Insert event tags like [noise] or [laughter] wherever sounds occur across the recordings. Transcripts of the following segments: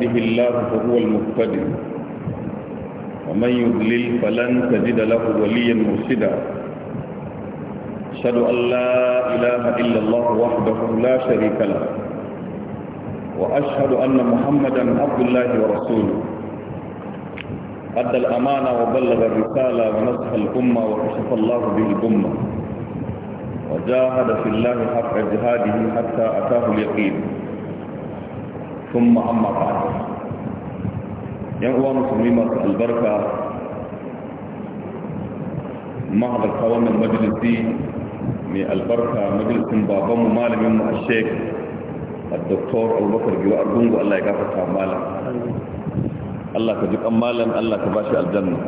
يهده الله فهو المهتد ومن يضلل فلن تجد له وليا مرشدا أشهد أن لا إله إلا الله وحده لا شريك له وأشهد أن محمدا عبد الله ورسوله أدى الأمانة وبلغ الرسالة ونصح الأمة وكشف الله به الأمة وجاهد في الله حق جهاده حتى أتاه اليقين ثم uwa بعد ينقوى مسلمين البركة مهد القوام المجلسي من البركة مجلس بابام مالم يوم الشيخ الدكتور أبو بكر جوار بونغو الله يغفر malam Allah ka jikan malam Allah ka bashi aljanna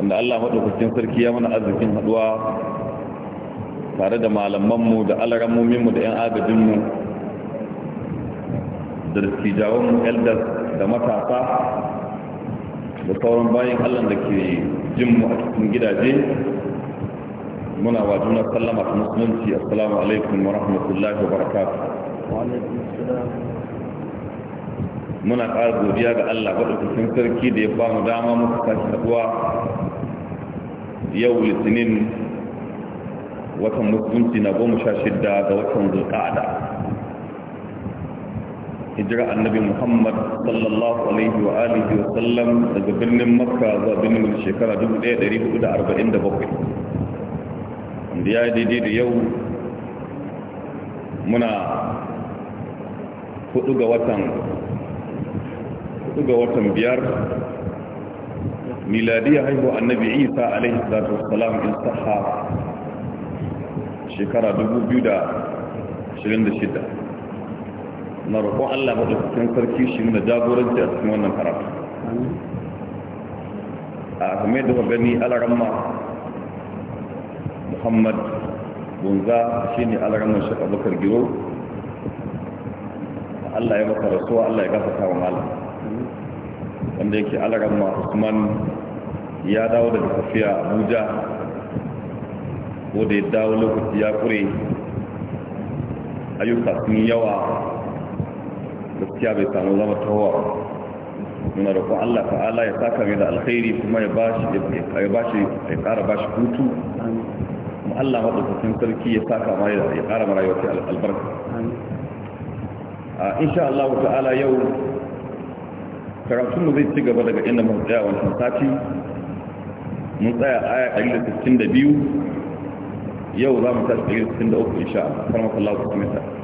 wanda Allah madaukakin sarki ya mana arzikin haɗuwa tare da malamanmu da alarammominmu da 'yan agajinmu da dattijawan elders da matasa da sauran bayan allah da ke jin mu a cikin gidaje muna wa juna sallama ta musulunci assalamu alaikum wa rahmatullahi wa barakatu. muna ƙara godiya ga allah cikin sarki da ya ba mu dama muka tashi haɗuwa yau litinin watan musulunci na goma sha shidda ga watan zulƙa'ada hijira annabi muhammad sallallahu alaihi wa alihi wa sallam daga birnin makka zuwa birnin shekara 1447 wanda ya yi daidai da yau muna hudu ga watan hudu ga watan biyar miladiya haihu annabi isa alaihi salatu wassalam in saha shekara 2026 na roƙon Allah da maɗaukakin sarki shi na jagoranci a cikin wannan karatu a kamar yadda gani alaramma muhammad bunza shi ne alaramman shi abubakar giro Allah ya maka rasuwa Allah ya gafata wa malam wanda yake alaramma usman ya dawo da tafiya abuja ko da ya dawo lokaci ya kure ayyuka sun yawa gaskiya bai samu zama tawa muna roƙon Allah ta'ala ya saka mai da alkhairi kuma ya bashi ya bashi ya ƙara bashi hutu kuma Allah madaukakin sarki ya saka mai da ya ƙara mara yau albarka a insha Allah ta'ala yau karatun mu zai ci gaba daga inda mun tsaya wannan sati mun tsaya aya 162 yau za mu tashi 163 insha Allah farmakallahu ta'ala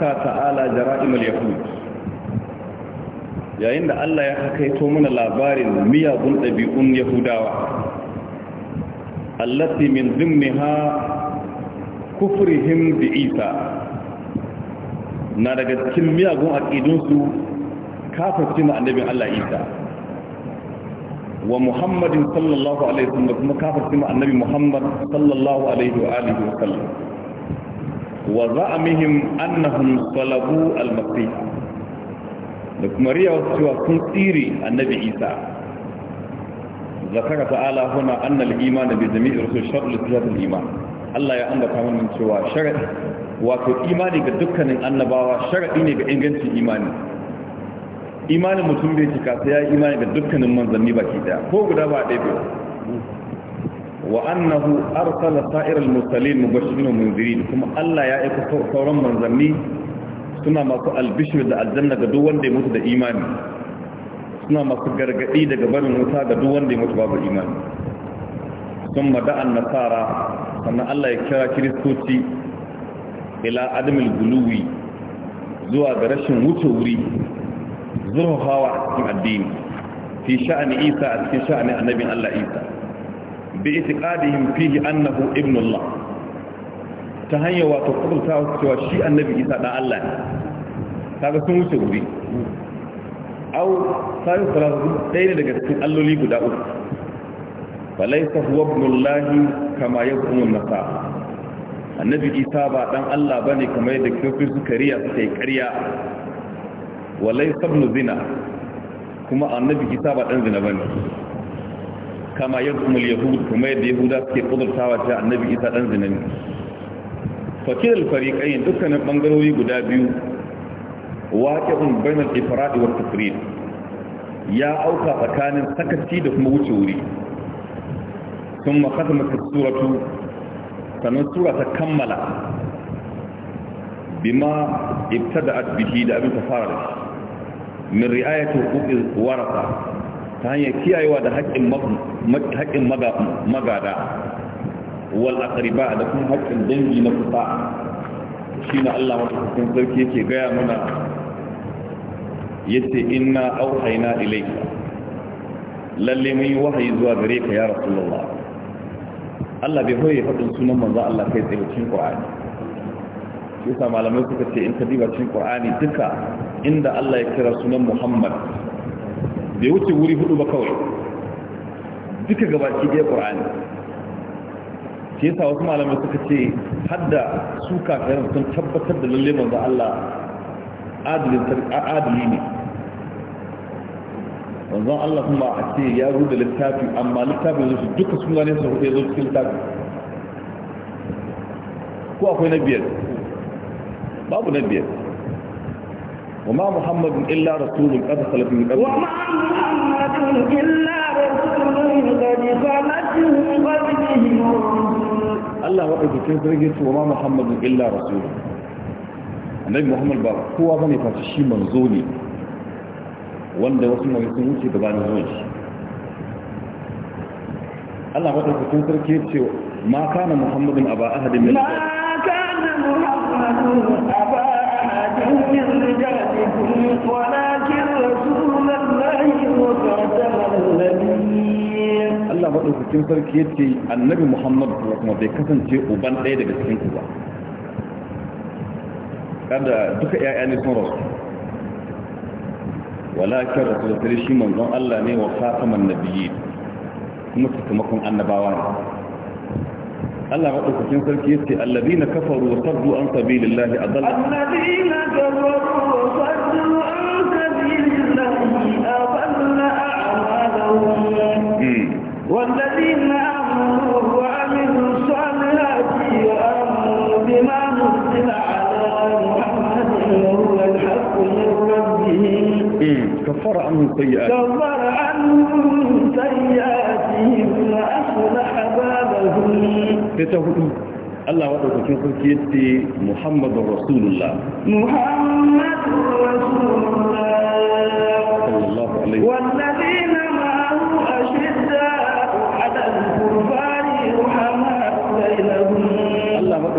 haka ta'ala jara'imul yahud yayin da Allah ya hakaito mana labarin miyagun ɗabi'un yahudawa allati min zimmiha kufrihim bi isa na daga cikin miyagun aqidunsu kafirci ma annabin Allah isa wa muhammadin sallallahu alaihi wasallam kuma kafirci ma annabi muhammad sallallahu alaihi wa alihi wasallam wa za'amihim annahum salabu al-masih da kuma riya wasu cewa sun tsire annabi isa zakara ta'ala huna anna al-iman bi jami'i rusul shar'u sifat al-iman Allah ya ambata mun cewa sharadi wato imani ga dukkanin annabawa sharadi ne ga ingancin imani imanin mutum bai cika sai ya imani ga dukkanin manzanni baki daya ko guda ba ba. wa annahu arsala sa'iral mursalin mubashirin wa munzirin kuma Allah ya aika sauran manzanni suna masu albishir da aljanna ga duk wanda ya mutu da imani suna masu gargadi daga barin wuta ga duk wanda ya mutu babu imani sun mada'an nasara sannan Allah ya kira kiristoci ila adamil guluwi zuwa ga rashin wuce wuri zurfafawa a cikin addini fi a cikin sha'ani annabin Allah isa bi itiqadihim fihi annahu ibnullah ta hanyar wato kudurta cewa shi annabi isa da Allah ne kaga sun wuce guri au sai salatu dai ne daga cikin alloli guda uku falaysa huwa ibnullah kama yaqumu nasa annabi isa ba dan Allah bane kamar yadda kiristoci suka riya suka yi ƙarya walaysa ibnu zina kuma annabi isa ba dan zina bane kama yankum al-yahud kuma yadda yahuda suke kudurtawa ta annabi isa dan zinani fakir al-fariqayn dukkanin bangarori guda biyu waqi'un bayna al-ifrad wa at-tafrid ya auka tsakanin sakaci da kuma wuce wuri ثم ختمت suratu, sannan sura ta kammala bima ibtada'at bihi da abin ta fara da shi min ri'ayati huquqi warasa ta hanyar kiyayewa da haƙƙin haƙƙin magada wal aqriba da kuma haƙƙin dangi na kusa shi na Allah madaukakin sarki yake gaya mana yace inna auhayna ilayka lalle mun yi wahayi zuwa gare ka ya rasulullah Allah bai hoye faɗin sunan manzo Allah kai tsaye cikin Qur'ani yasa malamai suka ce in ka diba cikin Qur'ani duka inda Allah ya kira sunan Muhammad bai wuce wuri hudu ba kawai duka gabaki ɗaya ƙur'ani ke yasa wasu malamai suka ce hadda su kafirin sun tabbatar da lalle manzo Allah adali ne manzon Allah kuma a ce ya rubuta littafi amma littafi zai duka sun gane su rufe zo cikin littafi ko akwai na biyar babu na biyar wa ma وما محمد إلا رسول قد خلت من قبل وما محمد إلا قد خلت من قبلهم ma Muhammadu illa وما محمد إلا رسول النبي محمد بابا هو بني فاتشي ne wanda wasu mai sun wuce gabanin zuwan shi Allah kai sarki ce ma kana Muhammadu a ba ahadin min ma kana Muhammadu. a ba ahadin Wa na walakin rasul Allah maɗaukakin sarki ya ce annabi Muhammad kuma bai kasance uban ɗaya daga cikin ku ba. Kada duka ‘ya'ya ne sun rasu. Walakin rasu da tare shi manzon Allah ne wa fataman nabiyyi kuma sakamakon annabawa ne. Allah maɗaukakin sarki ya ce allazi na kafaru wa sabdu an sabi lillahi a dalla. Allazi na kafaru wa sabdu an sabi lillahi a والذين آمنوا وعملوا الصالحات وآمنوا بما نزل على محمد وهو الحق من كفر عنهم سيئاتهم كفر عنهم سيئاتهم وأصلح بالهم تتهدوا الله وحده في محمد رسول الله محمد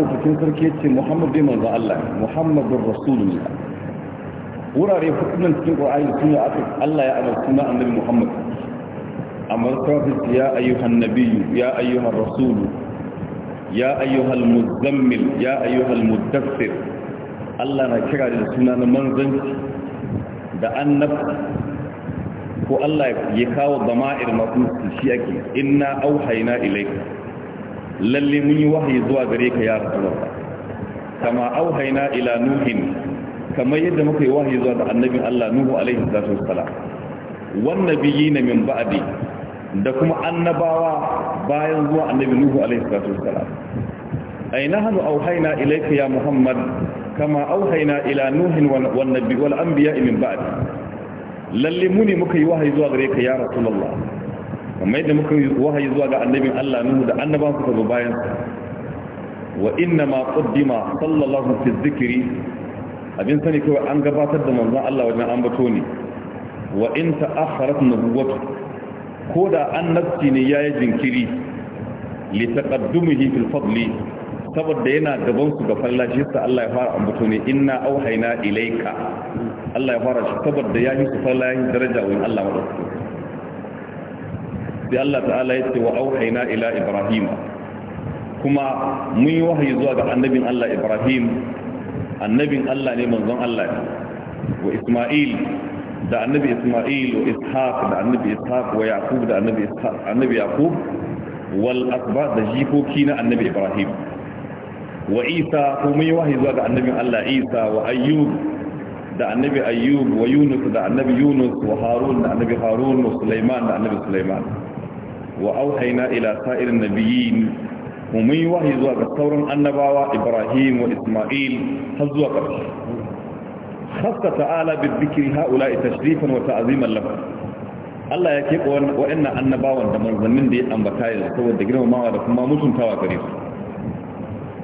maɗaukakin sarki ce muhammad bai manzo Allah muhammadun rasulullah wurare hukunan cikin ƙwa'ayi da suna aka Allah ya amar suna annabi muhammad amar prophet ya ayyuhan nabiyyu ya ayyuhan rasulu ya ayyuhal muzammil ya ayyuhal muddaffir Allah na kira da suna na manzanci da annab ko Allah ya kawo zama'ir masu shi ake inna auhayna ilayka lalle mun yi wahayi zuwa gare ka ya rasulullah kama auhaina ila nuhin kamar yadda muka yi wahayi zuwa da annabin Allah nuhu alaihi salatu Wannan wan na min ba'di da kuma annabawa bayan zuwa annabi nuhu alaihi salatu wassalam aina hanu auhayna ilayka ya muhammad kama auhaina ila nuhin wan nabi wal anbiya min ba'di lalle muni muka yi wahayi zuwa gare ka ya rasulullah kamar yadda muka yi wahayi zuwa ga annabin Allah nuhu da annaban su zo bayan wa inna ma qaddima sallallahu fi dhikri abin sani kawai an gabatar da manzon Allah wajen ambato ne wa in ta'akhkharat nubuwatu ko da annabci ne yayi jinkiri li taqaddumihi fil fadli saboda yana gaban su ga fallashi sa Allah ya fara ambato ne inna auhayna ilayka Allah ya fara shi saboda yayi su fallashi daraja wa Allah madaukakin sai Allah ta'ala ya ce wa auhayna ila ibrahim kuma mun yi wahayi zuwa ga annabin Allah ibrahim annabin Allah ne manzon Allah wa isma'il da annabi isma'il wa ishaq da annabi ishaq wa yaqub da annabi ishaq annabi yaqub wal asba da jikoki na annabi ibrahim wa isa ko mun yi wahayi zuwa ga annabin Allah isa wa ayyub da annabi ayyub wa yunus da annabi yunus wa harun da annabi harun wa sulaiman da annabi sulaiman wa auhayna ila sa'irin nabiyyin mun yi wahayi zuwa ga sauran annabawa Ibrahim wa Isma'il har zuwa ƙarshe khassa ta'ala bi dhikri haula tashrifan wa ta'ziman lahu Allah ya keɓe wa'annan annabawan da manzannin da ya ambata yanzu saboda girmamawa da kuma mutuntawa gare su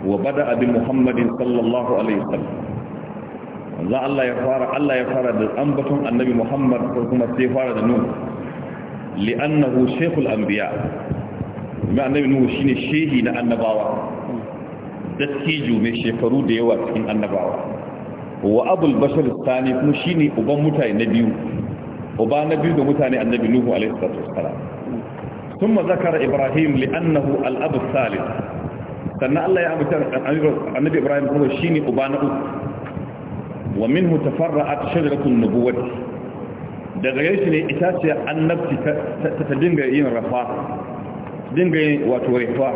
wa bada bi Muhammadin sallallahu alaihi wasallam Allah ya fara Allah ya fara da ambaton annabi Muhammad ko kuma sai fara da nuna li'annahu shaykhul anbiya mai annabi nuhu shine shehi na annabawa dattijo mai shekaru da yawa cikin annabawa wa abul bashar sani kuma shine uban mutane na biyu uba na biyu da mutane annabi nuhu alaihi salatu wassalam ثم ذكر إبراهيم لأنه الأب الثالث سنة الله يعمل النبي إبراهيم هو الشيني أبانه ومنه تفرعت شجرة النبوة Daga gare shi ne ita ce annabci ta dinga yin rafa dinga yin wato raifa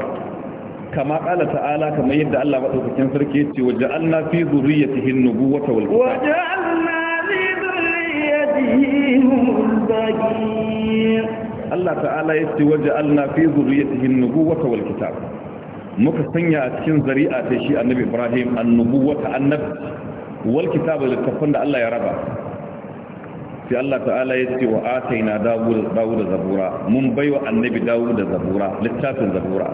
kama kala ta'ala kamar yadda Allah madaukakin sarki ya ce waje Allah fi zuriyatihi an-nubuwata wal waje Allah fi zuriyatihi Allah ta'ala ya ce waje Allah fi zuriyatihi an-nubuwata wal kitab muka sanya a cikin zari'a ta shi annabi Ibrahim annubu wata annab wal kitab littafin da Allah ya raba في الله تعالى يتي وآتينا داود داود زبورا من بيو النبي داود زبورا لتات زبورا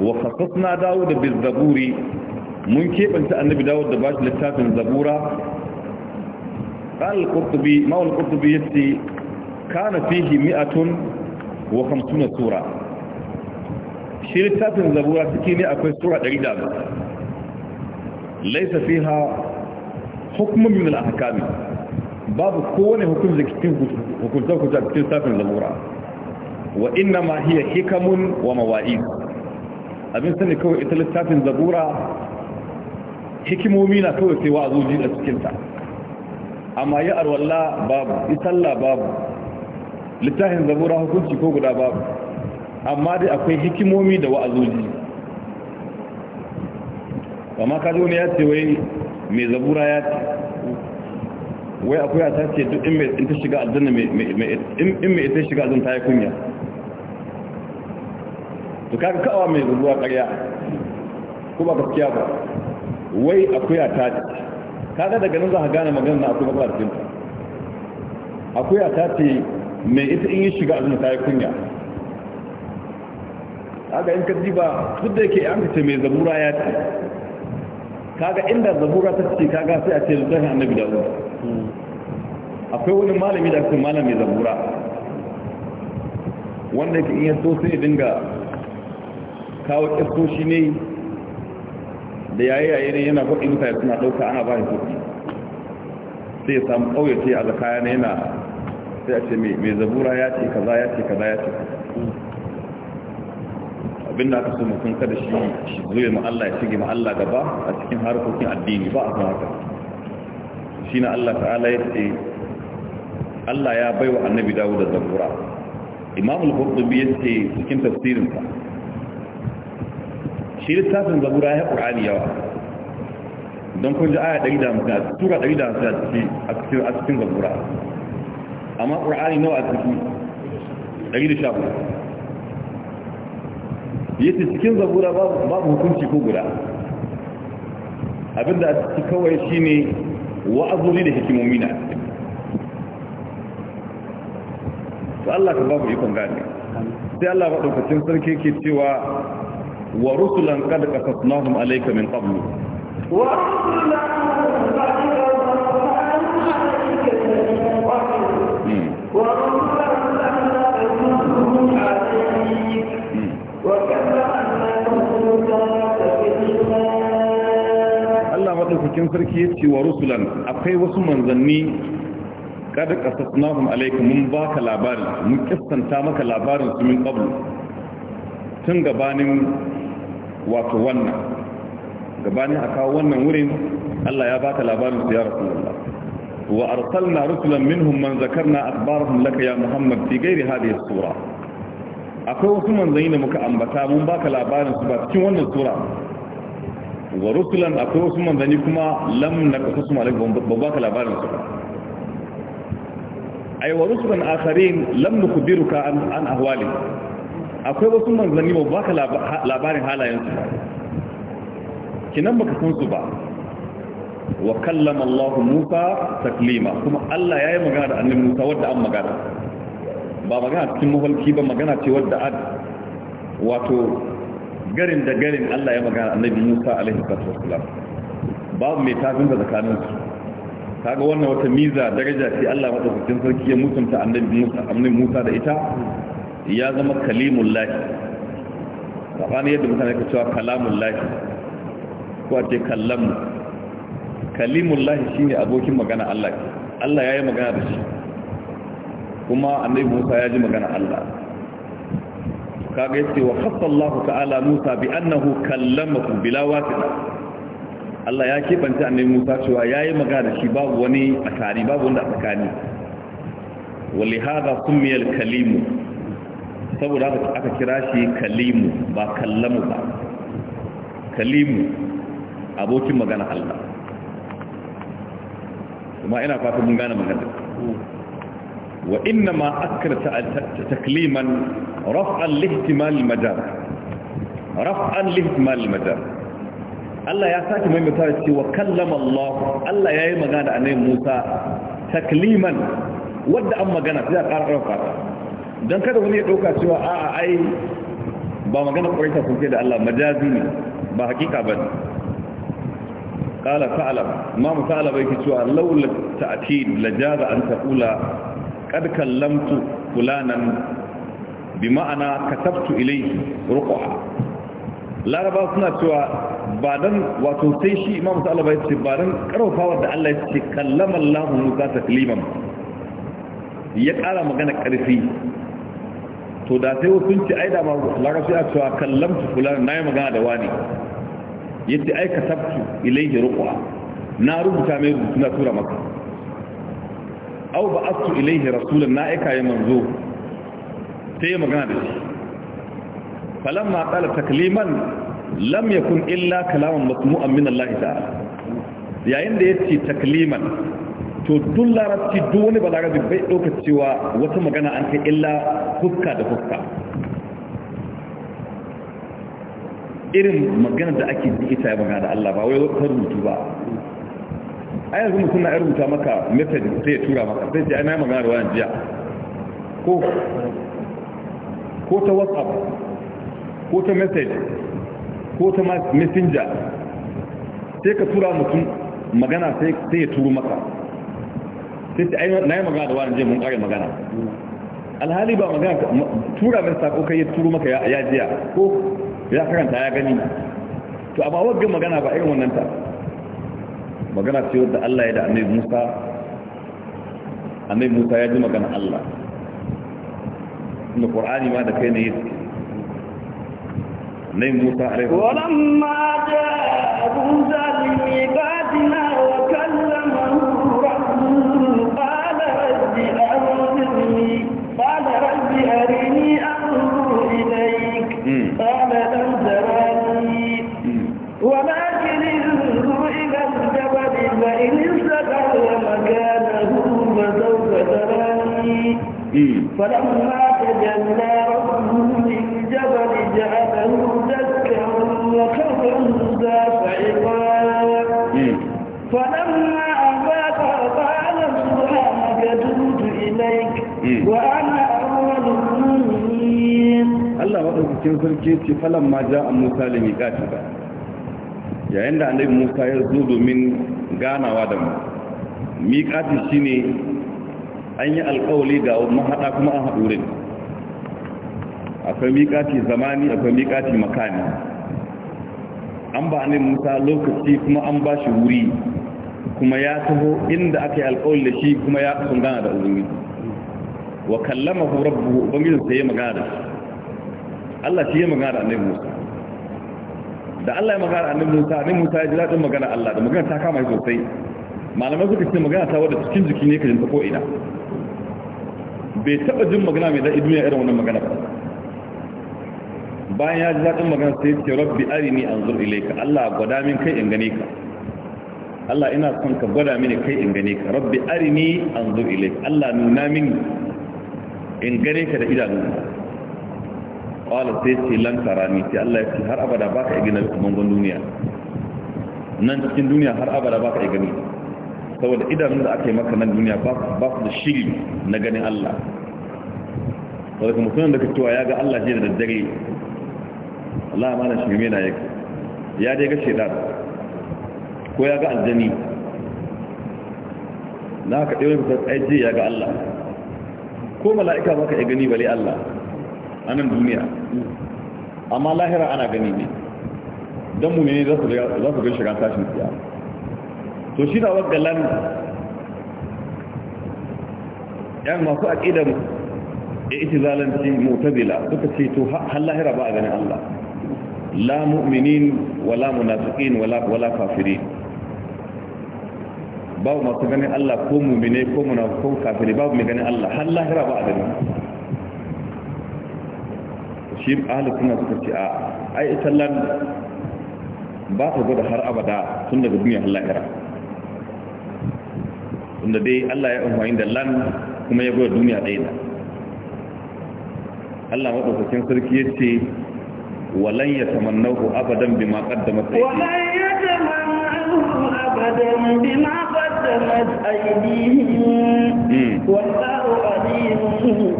وخصصنا داود بالزبور من كيف أنت النبي داود دباج لتات زبورا قال القرطبي ما هو القرطبي يتي كان فيه مئة وخمسون سورة شير لتات زبورا تكيني أكوي سورة عيدا ليس فيها حكم من الأحكام babu kowane hukunci cikin hukunta hukunta cikin safin zabura wa inna ma hiya hikamun wa mawa'iz abin sani kawai ita littafin zabura hikimomi na kawai sai wa'azoji a cikinta amma ya arwalla babu isalla babu littafin zabura hukunci ko guda babu amma dai akwai hikimomi da wa'azoji amma kaji wani ya ce wai mai zabura ya ce wai akwai ta ce duk in mai ta shiga aljanna in mai ita shiga aljanna ta yi kunya to kaga kawa mai ruwa ƙarya ko ba gaskiya ba wai akwai ta ce kaga daga nan za ka gane magana na akwai ba aljanna akwai ta ce mai ita in yi shiga aljanna ta yi kunya kaga in ka ba duk da yake an ce mai zabura ya ce kaga inda zabura ta ce kaga sai a ce littafin annabi da dawud akwai wani malami da aka malami zabura wanda yake iya so sai dinga kawo shi ne da yayi yayi ne yana faɗi mutane suna ɗauka ana ba shi kuɗi sai ya samu ƙauyace a zakaya na yana sai a ce mai zabura ya ce kaza ya ce kaza ya ce Abin da aka so mutum kada shi zuwa ma Allah ya shige ma Allah gaba a cikin harkokin addini ba a kuma haka shi na Allah ta'ala ya ce Allah ya baiwa annabi dawo da zabura imamul qurtubi ya ce cikin tafsirinsa shi littafin zabura ya ƙur'ani yawa don kun ji aya 150 a tura 150 a cikin zabura amma ƙur'ani nawa a ciki 114 yace cikin zabura babu hukunci ko guda abinda a ciki kawai shine wa'azuri da hikimomi na to Allah ka ba ku ikon gani sai Allah ba ɗaukacin sarki ke cewa wa rusulan qad qasasnahum alayka min qablu wa rusulan madaukakin sarki ya ce wa rusulan akwai wasu manzanni kada qasasnahum alayka mun ba ka labari mun kissanta maka labarin su min qablu tun gabanin wato wannan gabanin a kawo wannan wurin Allah ya ba ka labarin su ya rasulullah wa arsalna rusulan minhum man zakarna akbarahum laka ya muhammad fi ghairi hadhihi sura akwai wasu manzanni da muka ambata mun ba ka labarin su ba cikin wannan sura wa rusulan akwai wasu manzanni kuma lam na kasa su malaik ba ba ka labarin su ai wa rusulan akharin lam nukhbiruka an an ahwali akwai wasu manzanni ba ba ka labarin halayen su kinan baka san su ba wa kallama Allah Musa taklima kuma Allah ya yi magana da annabi Musa wadda an magana ba magana cikin mafalki ba magana ce wadda ad wato garin da garin Allah ya magana annabi Musa alaihi wasallam babu mai tafin da tsakanin su kaga wannan wata miza daraja ce Allah madaukakin sarki ya mutunta annabi Musa annabi Musa da ita ya zama kalimul lahi sabani yadda mutane ka cewa kalamul lahi ko ce kallamu kalimul lahi shine abokin magana Allah Allah yayi magana da shi kuma annabi Musa ya ji magana Allah kaga yace wa khassa Allahu ta'ala Musa bi annahu kallamahu bila wasita Allah ya kebanta annabi Musa cewa yayi magana shi babu wani a tare babu wanda a tsakani Wali ولهذا سمي Kalimu saboda aka kira shi kalimu ba kallamu ba kalimu abokin magana Allah kuma ina fata mun gane magana وإنما أكر تكليما رفعا لاهتمال المجال رفعا لاهتمال المجال Allah ya sake maimaita da cewa kallama Allah Allah yayi magana annabi Musa takliman wanda an magana sai a ƙara ƙarfa dan kada wani ya dauka cewa a'a ai ba magana ƙwaita kun da Allah majazi ne ba hakika bane qala fa'ala ma musala bai laula an kad kallamtu fulanan bi ma'ana katabtu ilayhi ruqa laraba suna cewa ba dan wato sai shi imam sallallahu alaihi wasallam ba dan karfafa da Allah ya ce kallama Allah Musa takliman ya kara magana karfi to da sai wasu ce ai da ma larabci a cewa kallamtu fulan na yi magana da wani yace ai katabtu ilayhi ruqa na rubuta mai rubutu na tura maka au ba astu ilaihi rasulan na aika ya manzo sai ya magana da shi falamma qala takliman lam yakun illa kalaman masmu'an min Allah ta'ala yayin da yace takliman to duk larabci duk wani balarabi bai dauka cewa wata magana an kai illa hukka da hukka irin magana da ake ita ya magana da Allah ba wai wata rubutu ba a yanzu mutum na rubuta maka message sai ya tura maka sai ji ana magana da wani jiya ko ko ta whatsapp ko ta message ko ta messenger sai ka tura mutum magana sai ya turu maka sai ta na yi magana da wani jiya mun kare magana alhali ba magana tura mai sako kai ya turu maka ya jiya ko ya karanta ya gani to amma wajen magana ba irin wannan ta magana ce wadda Allah ya da annabi Musa annabi Musa ya ji magana Allah kuma Qur'ani ma da kai ne yake annabi Musa alaihi wasallam walamma ja'a فلما تجلى ربه للجبل جعله دكا وكفر ذا صعقا فلما أباك قال سبحانك تبت إليك وأنا أول المؤمنين الله وأخذ كيف فلما جاء موسى لميقاتنا yayin da annabi Musa ya zo domin ganawa da mu miƙati shine an yi alƙawali ga mahaɗa kuma an haɗu wurin akwai miƙaci zamani akwai miƙaci makani an ba ne musa lokaci kuma an ba shi wuri kuma ya taho inda aka yi alƙawali da shi kuma ya sun gana da uzuri wa kallama ku rabbu ubangijin sai ya magana da Allah shi ya magana da annabi Musa da Allah ya magana da annabi Musa annabi Musa ya ji daɗin magana Allah da magana ta kama shi sosai malamai suka ce magana ta wadda cikin jiki ne ka jinta ko ina bai taba jin magana mai daɗi duniya irin wannan magana ba bayan ya ji daɗin magana sai ce rabbi arini anzur ilayka Allah gwada min kai in gane ka Allah ina son ka gwada mini kai in gane ka rabbi arini anzur ilayka Allah nuna min in gane ka da idanu qala sai ce lan tarani sai Allah ya ce har abada baka igina mangon duniya nan cikin duniya har abada baka gani saboda idanun da aka yi maka nan duniya ba su da shiri na ganin Allah wadda kuma sunan da ka cewa ya ga Allah jiya da daddare Allah ma na shirme na yake ya dai ga shaidar. ko ya ga aljani na haka ɗaya wani kusa tsaye ya ga Allah ko mala'ika ba ka iya gani bale Allah a nan duniya amma lahira ana gani ne don mu ne za su ga shiga tashin siyasa to shi na wadda lan yan masu aƙidan ya iti zalanci mutazila suka ce to hallahira ba a ganin Allah la mu'minin wala munafiqin wala wala kafirin babu masu ganin Allah ko mu'mine ko munafiqun kafiri babu mai ganin Allah hallahira ba a ganin shi ahlus suna suka ce a ai ita lan ba ta gwada har abada tun daga duniya hallahira wanda dai Allah ya amfani da lan kuma ya goya duniya ɗaya da Allah maɗaukakin sarki ya ce walan ya tamannahu abadan bima qaddamat aydi abadan bima qaddamat aydihim hmm. wallahu alimun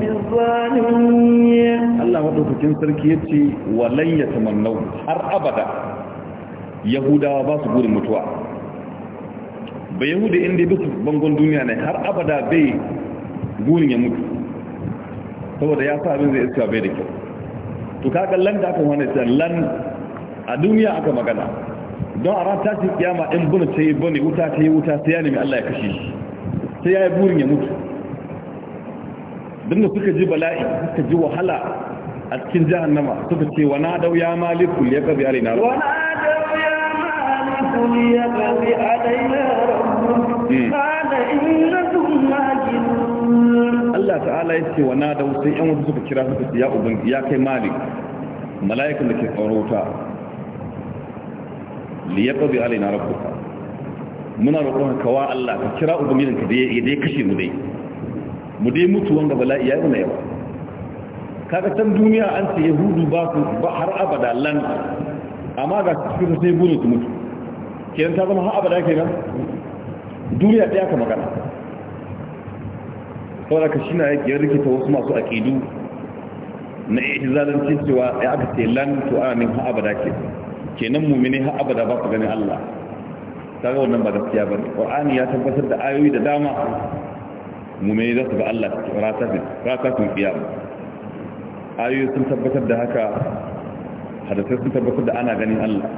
Allah maɗaukakin sarki ya ce walan ya tamannahu har abada yahudawa ba su gurin mutuwa ba yahuda inda duk bangon duniya ne har abada bai gurin ya mutu saboda ya sa abin zai iska bai da kyau to kaga lan da aka wani sai lan a duniya aka magana don a ranta tashi kiyama in bunu ta yi bane wuta ta yi wuta sai ya nemi Allah ya kashe shi sai ya yi burin ya mutu don da suka ji bala'i suka ji wahala a cikin jahannama suka ce wa na dau ya malikul ya kabi alaina wa na Hmm. Allah ta'ala ya ce wa na da wasu yan wasu suka kira su ya ubin ya kai mali. mala'ikan da ke tsarota liya ƙazi alai na rabuka muna roƙon kawa Allah ka kira ubin yin ka da ya kashe mu dai mu dai mutu wanga bala'i ya yi na yawa kaga can duniya an ce yahudu ba su har abada lan amma ga su fi sai burin su mutu kenan ta zama har abada ke nan duniya ta yaka magana saboda ka shi na yan rikita wasu masu aƙidu na izalancin cewa ya aka ce lan to ha'abada ke kenan mumini ha'abada ba su ganin Allah ta ga wannan ba da gaskiya ba ne ƙwa'ani ya tabbatar da ayoyi da dama mumini za su ga Allah ratafin kiyama ayoyi sun tabbatar da haka hadasai sun tabbatar da ana ganin Allah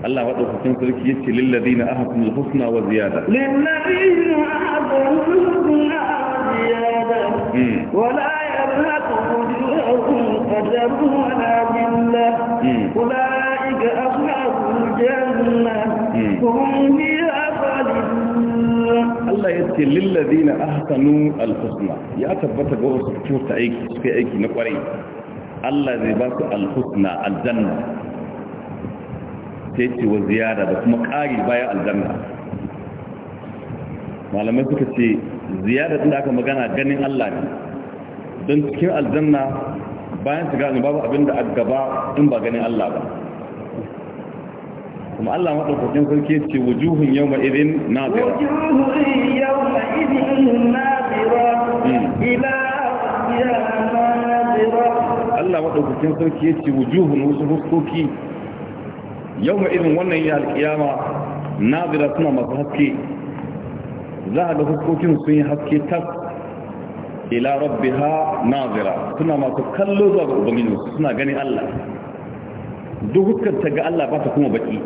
Allah wa ɗaukakin sarki ya ce lillazi na aha kuma husna wa ziyada. Lillazi na aha kuma husna wa ziyada. Hmm. Wala ya zaɓa wujuhahum qadaru wala billa. Hmm. Ulaika ashabul janna. Hmm. Hum fiha khalidun. Allah ya ce lillazi na ahsanu al ya tabbata ga wasu kyauta aiki suka aiki na ƙwarai, Allah zai ba su al-husna aljanna sai ce wa ziyara da kuma ƙari bayan aljanna malamai suka ce ziyara da aka magana ganin Allah ne don cikin aljanna bayan shiga ne babu abin da aka gaba in ba ganin Allah ba kuma Allah maɗaukakin sarki ce wujuhun yau ma'irin na zira wujuhun yau ma'irin na zira hmm. ila ya na zira Allah maɗaukakin sarki ya ce wujuhun wasu huskoki yau ga irin wannan ya alkiyama nazira suna masu haske za a ga hukokin sun yi haske ta ila Rabbi ha nazira suna masu kallo zuwa ga ubangijinsu suna ganin allah duk huskanta ga allah ba ta kuma baki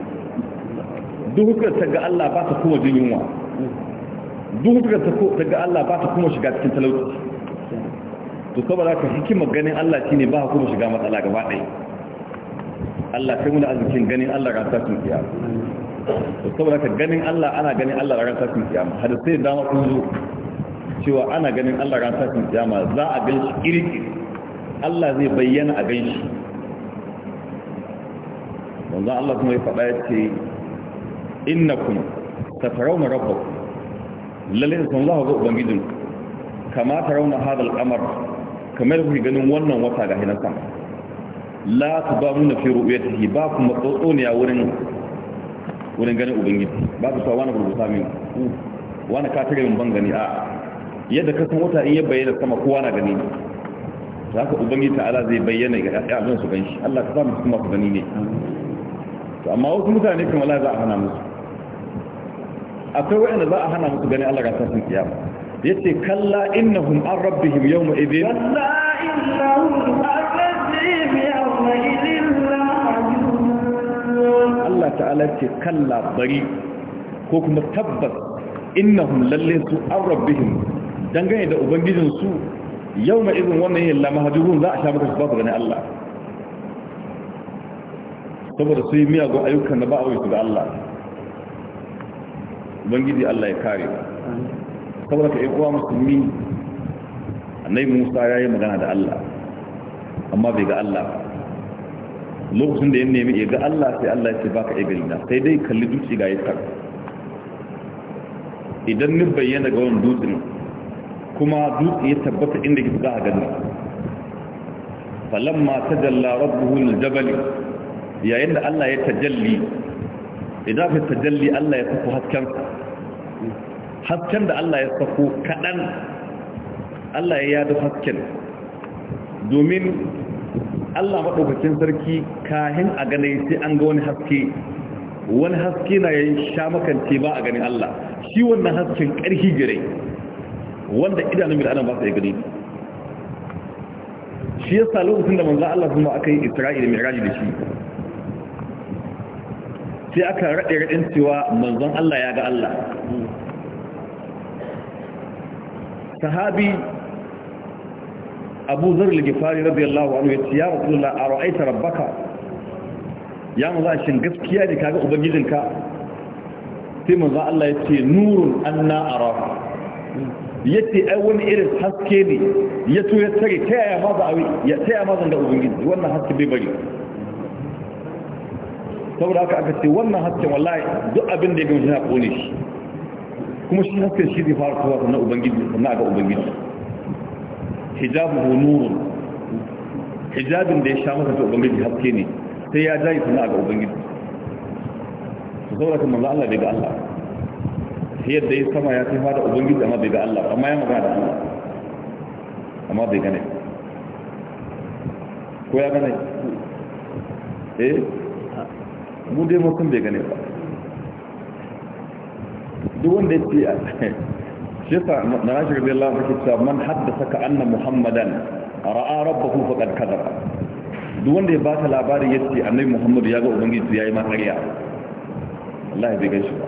duk huskanta ga allah ba ta kuma jin yunwa duk huskanta ga allah ba ta kuma shiga cikin talauci to saboda ka hikimar ganin allah shine ba kuma shiga matsala gaba ɗaya Allah sai muna arzikin ganin Allah ran tashin kiyama to saboda ka ganin Allah ana ganin Allah ran tashin kiyama hada sai dama kun zo cewa ana ganin Allah ran tashin kiyama za a ganshi shi kirki Allah zai bayyana a gan shi wanda Allah kuma ya faɗa ya ce innakum tatarawna rabbakum lalle sun Allah ga ubangijinku kama tarawna hadal qamar kamar ku ganin wannan wata ga hinan sama la su ba muna fi ru'uyatihi ba ku tsotsoniya wurin wurin ganin ubangiji ba ku sawa na rubuta min wani ka tare min ban gani a yadda ka san wata in ya bayyana sama kowa na gani za haka ubangiji ta'ala zai bayyana ga ɗaɗɗaɗɗan su ganshi Allah ka samu kuma su gani ne amma wasu mutane kuma la za a hana musu akwai waɗanda za a hana musu gani Allah ga sun kiyama yace kalla innahum an rabbihim yawma idin kalla innahum an Allah ta'ala ce kalla bari ko kuma tabbas innahum lalle su an rabbihim dangane da ubangijin su yau mai izin wannan yin lamahajirun za a sha maka su ba su gani Allah saboda su yi miyagun ayyukan da ba a su ga Allah ubangiji Allah ya kare saboda ka ikuwa musulmi annai musa ya yi magana da Allah amma bai ga Allah ba lokacin da ya nemi ya ga Allah sai Allah ya ce ibil ibilda sai dai kalli dutse ga yasar idan ni bayyana ga wani dutsen kuma dutse ya tabbata inda ki za a gani falamma tajalla rabbuhu jabal yayin da Allah ya tajalli idan ka tajalli Allah ya sako hasken hasken da Allah ya sako kadan Allah ya yado hasken domin Allah maɗaukacin sarki kahin a gane sai an ga wani haske wani haske na yayin sha makance ba a ganin Allah shi wannan hasken ƙarfi gare wanda idanun mil adam ba su yi gani shi yasa lokacin da manzan Allah kuma aka yi Isra'ila raji da shi sai aka raɗe-raɗin cewa manzan Allah ya ga Allah sahabi abu zar ligifari radiyallahu anhu ya ce ya rasulullah a ra'aita rabbaka ya maza a shin gaskiya ne kaga ubangijinka sai maza Allah ya ce nurun anna arafa ya ce ai wani irin haske ne ya to ya tare ta yaya ma za a ya ta yaya ma zan ubangiji wannan haske bai bari saboda haka aka ce wannan hasken wallahi duk abin da ya gamshi na kone shi kuma shi hasken shi zai fara tuwa sannan ubangiji sannan ga ubangiji hijabuhu nurun hijabin da ya sha masa ta ubangiji haske ne sai ya jayi suna ga ubangiji su saboda kan manzo Allah bai ga Allah yadda ya sama ya kai fada ubangiji amma bai ga Allah amma ya magana da Allah amma bai gane ko ya gane eh mu dai mutum bai gane ba duk wanda ya ce [laughs] shi na shi rabbi Allah yake man haddasa ka anna muhammadan ra'a rabba rabbahu faqad kadaba duk wanda ya baka labarin yace annabi muhammadu ya ga ubangiji yi ma ƙarya wallahi bai gaishe ba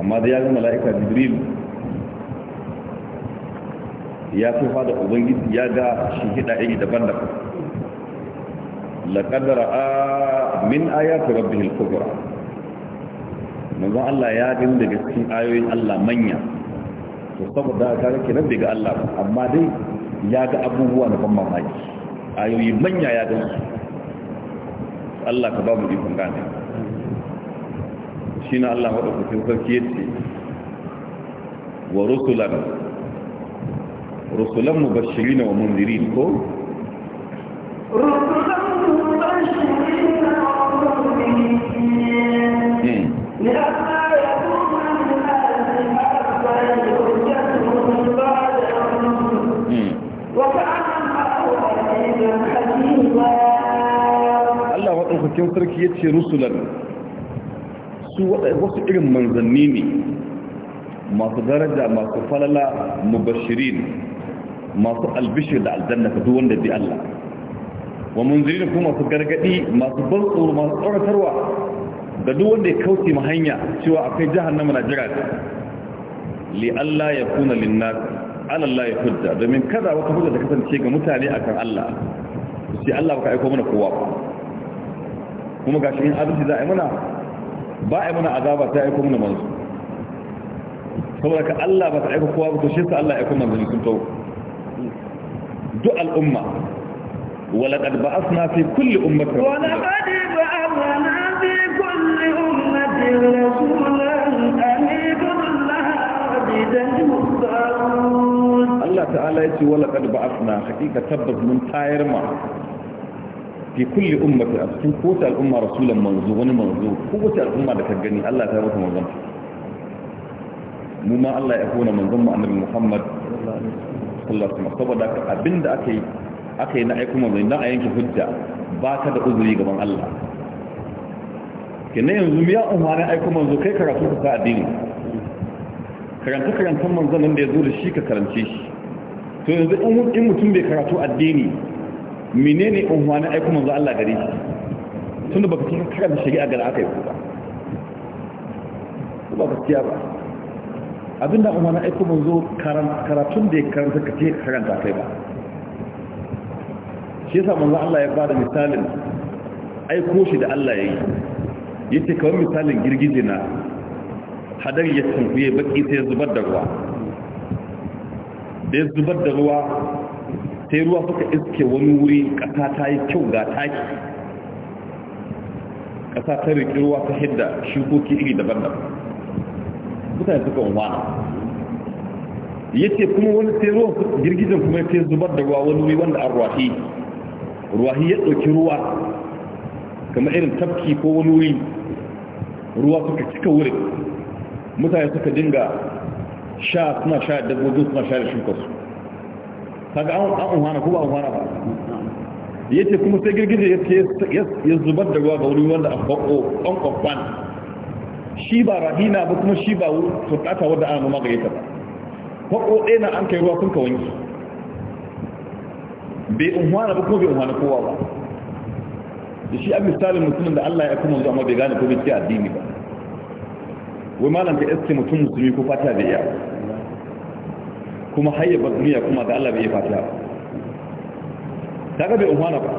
amma da ya ga mala'ika jibril ya fi fada ubangiji ya ga shi hida iri daban-daban laqad ra'a min ayati rabbihil kubra manzo Allah ya din daga cikin ayoyin Allah manya to saboda ka rike nan daga Allah amma dai ya ga abubuwa na ban mamaki ayoyi manya ya din Allah ka ba mu ikon gane shi na Allah maɗaukakin sarki ya ce wa rusulan rusulan mubashirin wa mundirin ko rusulan mubashirin Allah waɗaukakin sarki ya ce rusulan su wasu irin manzanni ne masu daraja masu falala mubashirin masu albishir da aljanna ka duk wanda bi Allah wa munzirin kuma masu gargadi masu ban tsoro masu tsoratarwa da duk wanda ya kauce ma hanya cewa akwai jahannama na jira ta li Allah ya kuna linnas ala ya hujja domin kada wata hujja ta kasance ga mutane akan Allah sai Allah baka aika mana kowa ba kuma gashi in abinci za a yi mana ba a yi mana azaba ta aika mana manzo saboda ka Allah ba ta aika kowa ba to shi sa Allah ya aika manzo sun tawo duk al'umma ولقد بعثنا في كل أمة رسولا Allah ta'ala ya ce wala kad ba'athna hakika tabbas mun tayar ma fi kulli ummati a cikin kowace al'umma rasulan manzo wani manzo kowace al'umma da ka gani Allah ta mata manzon mu ma Allah ya kona manzon mu annabi Muhammad sallallahu alaihi wasallam saboda abinda aka yi aka yi na aiko manzo na a yanke hujja ba ka da uzuri gaban Allah kina yanzu ya umarni aiko manzo kai karatu ka sa addini karanta karantar manzon nan da ya zo da shi ka karance shi to yanzu in mutum bai karatu addini ne umarni aiko manzo Allah gare shi tunda baka kika karanta shari'a ga aka yi ba ba gaskiya ba abinda umarni aiko manzo karatun da ya karanta ka ce karanta kai ba shi yasa manzo Allah ya bada misalin aiko shi da Allah ya yi yake kawai misalin girgije na hadar ya tunkuye baki sai zubar da ruwa da ya zubar da ruwa sai ruwa suka iske wani wuri kasa ta yi kyau ga taki kasa ta riƙi ruwa ta hidda shukoki iri daban-daban mutane suka umana yake kuma wani sai ruwan girgijin kuma sai zubar da ruwa wani wuri wanda an ruwahi ruwahi ya ɗauki ruwa kamar irin tafki ko wani wuri ruwa suka cika wurin mutane suka dinga sha suna sha dabbobin suna sha da shukarsu kaga an unhana ko ba unhana ba ya ce kuma sai girgije ya zubar da ruwa ga wuri wanda a kwakwo kwakwan shi ba rahina ba kuma shi ba turɗata wadda ana noma gayyata ba kwakwo ɗaya na an kai ruwa sun kawai wanki bai unhana ba kuma bai unhana kowa ba da shi an misalin mutumin da allah ya kuma zuwa bai gane ko bai ce addini ba wai malam ka iske mutum musulmi ko fata bai iya kuma hayya ba kuma da Allah bai iya fata daga bai umana ba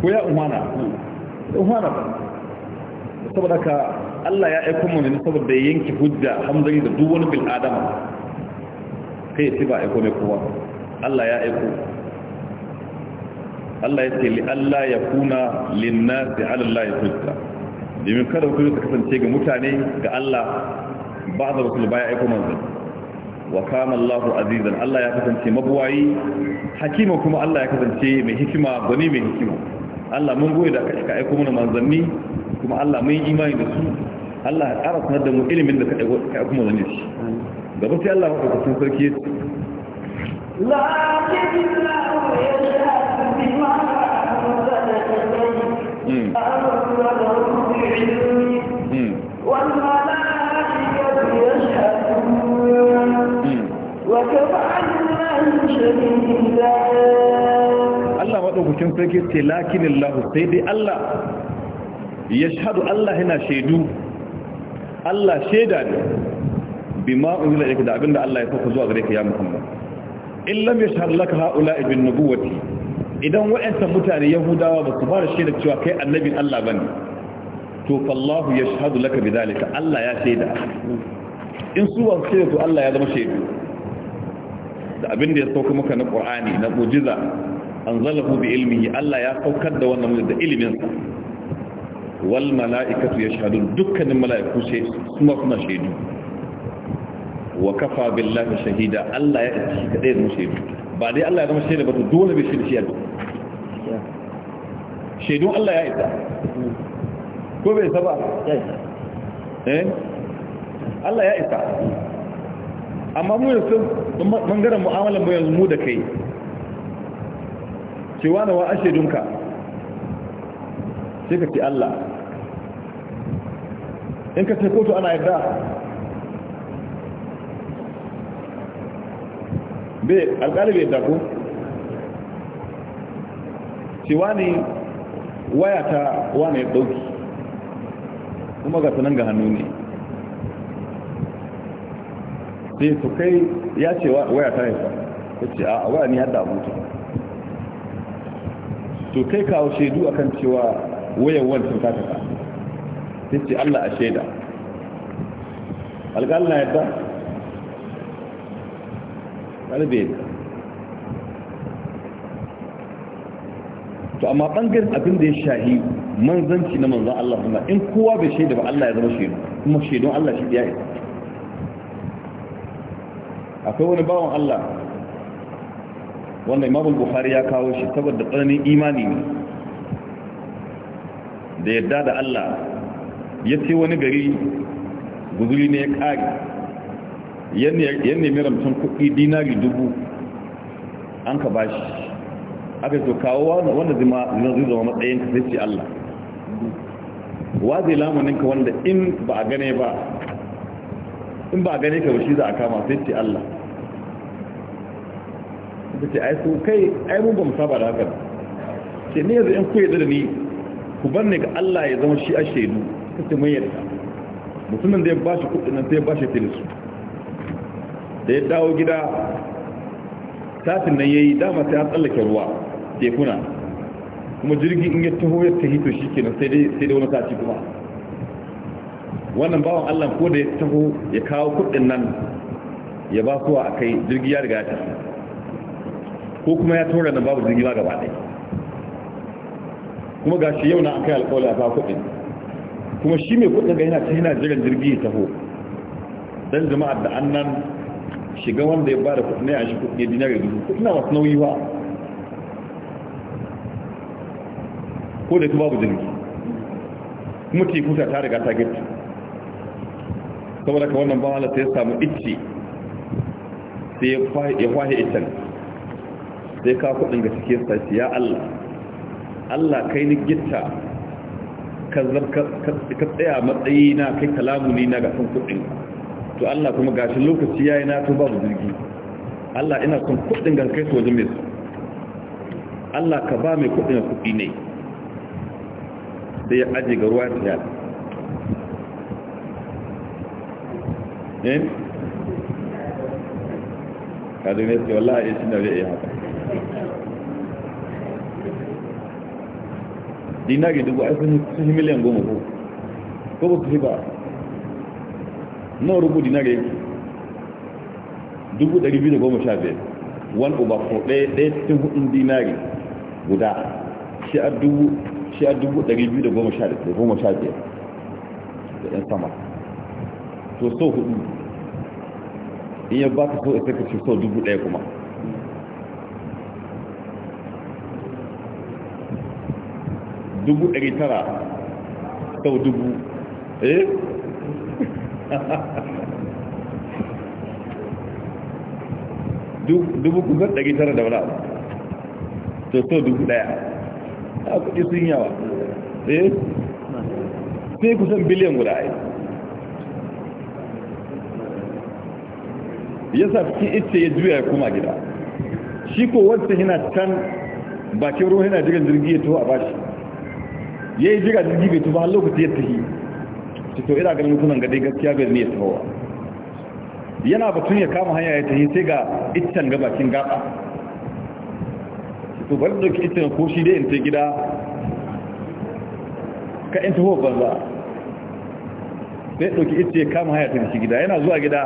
ko ya umana umana ba saboda ka Allah ya aiko mu ne saboda yanki hujja hamzari da duk wani bil adama kai sai ba aiko ne kowa Allah ya aiko Allah ya ce li Allah ya kuna lin nasi ala Allah ya hujja domin kada hukunci ta kasance ga mutane ga Allah ba da rasul baya aiko manzan wa kama Allahu azizan Allah ya kasance mabuwayi hakima kuma Allah ya kasance mai hikima gwani mai hikima Allah mun goyi da aka aiko mana manzanni kuma Allah mun imani da su Allah ya ƙara sanar da mu ilimin da ka aiko manzanni shi gaba sai Allah ya kasance sarki ya ce Allah maɗaukakin sarki ce lakinin lahu sai dai Allah ya shaɗu Allah yana shaidu Allah shaida ne bi ma'un yi yake da abinda Allah ya sauka zuwa gare ka ya musamman in lam ya shaɗu laka ha'ula ibin nubuwati idan wa'yansa mutane yahudawa ba su fara shaida cewa kai annabin Allah ba ne to fallahu ya shaɗu laka bi zalika Allah ya shaida in su ba su shaida to Allah ya zama shaidu da abin da ya sauka maka na qur'ani na mujiza anzalahu bi ilmihi Allah ya saukar da wannan mujiza da ilimin sa wal mala'ikatu yashhadun dukkanin mala'iku sai kuma suna shaidu wa kafa billahi shahida Allah ya ci kadai da shaidu ba dai Allah ya zama shaidu ba to dole bai shaida shi Shaidu Allah ya isa ko bai saba? eh Allah ya isa amma mu yanzu bangaren mu'amalar mu yanzu mu da kai cewa na wa ashe dunka sai ka ce Allah in ka ce kotu ana yadda bai alƙalibi yadda ku cewa ne waya ta wane ya ɗauki kuma ga sunan ga hannu ne sai su kai ya ce waya ta haifa ya ce a waya ni ya damu ta to kai kawo shaidu akan cewa wayan wancan ta taka ya ce allah a shaida alƙalin na yadda ƙarfe yadda to amma ɓangar abin da ya shahi manzanci na manzan allah suna, in kowa bai shaida ba allah ya zama shaidu kuma shaidun allah shi ya yi? akwai wani bawan Allah wanda imam bukhari ya kawo shi saboda tsananin imani ne da yadda da Allah ya ce wani gari guzuri ne ya kare yan nemi ramcin kuɗi dinari dubu an ka bashi aka to kawo wanda zai zama matsayin ka sai ce Allah wa zai ka wanda in ba a gane ba in ba a gane ka ba shi za a kama sai ce Allah ta ce ai su kai ai mu ba mu saba da haka ce ne yanzu in ku da ni ku bar ne ga Allah ya zama shi a shaidu ta ce mun yadda mutumin da ya ba shi kuɗi nan sai ya ba shi filisu da ya dawo gida satin nan ya yi dama sai an tsallake ruwa tekuna kuma jirgin in ya taho ya tahi to shi kenan sai dai wani sati kuma wannan bawan Allah ko da ya taho ya kawo kuɗin nan ya ba kowa a kai jirgi ya riga ya tafi ko kuma ya tura nan babu jirgi gaba ɗaya kuma shi yau na an kai alƙawali a ba kuɗin kuma shi mai kuɗin ga yana ta yana jiran jirgi ya taho dan jama'ar da annan shiga wanda ya bada kuɗi ne a shi ya dinar ya dubu kuɗi na wasu nauyi ba ko da babu jirgi kuma teku ta ta riga ta gefe saboda ka wannan ba ta ya samu icce sai ya kwahe iccen sai ka kudin ga cikin sashi ya Allah Allah kai ni gitta ka tsaya matsayi na kai kalamuni na ga son kudin to Allah kuma gashi lokaci yayi na to babu jirgi Allah ina son kudin ga kai soje mai Allah ka ba mai kudin kudi ne sai ya aje ga ruwa ta eh kadin ne wallahi ina da iya haka dinari dubu a sun miliyan goma ko ko ba su fi ba rubu dinari yake dubu dari biyu da goma sha biyar one over four ɗaya ɗaya cikin hudun dinari guda shi a dubu dari biyu da goma sha biyar da ɗan sama to so hudu in ya ba ka so ita ka ce so dubu daya kuma dubu ɗari tara sau dubu eh? dubu kusan ɗari tara da wani abu to dubu ɗaya a kuɗi sun yawa eh? sai kusan biliyan guda ai ya sa cikin ita ya juya ya koma gida shi ko wata yana can bakin ruwa yana jirgin jirgin ya taho a bashi ya yi jira jirgi bai tuba lokaci ya tafi to ina ganin mutunan gadi gaskiya bai ne ya yana batun ya kama hanya ya tafi sai ga iccen ga bakin gaba to bari da iccen ko shi dai in ta gida ka in taho banza sai ɗauki ita ya kama hanya ta shi gida yana zuwa gida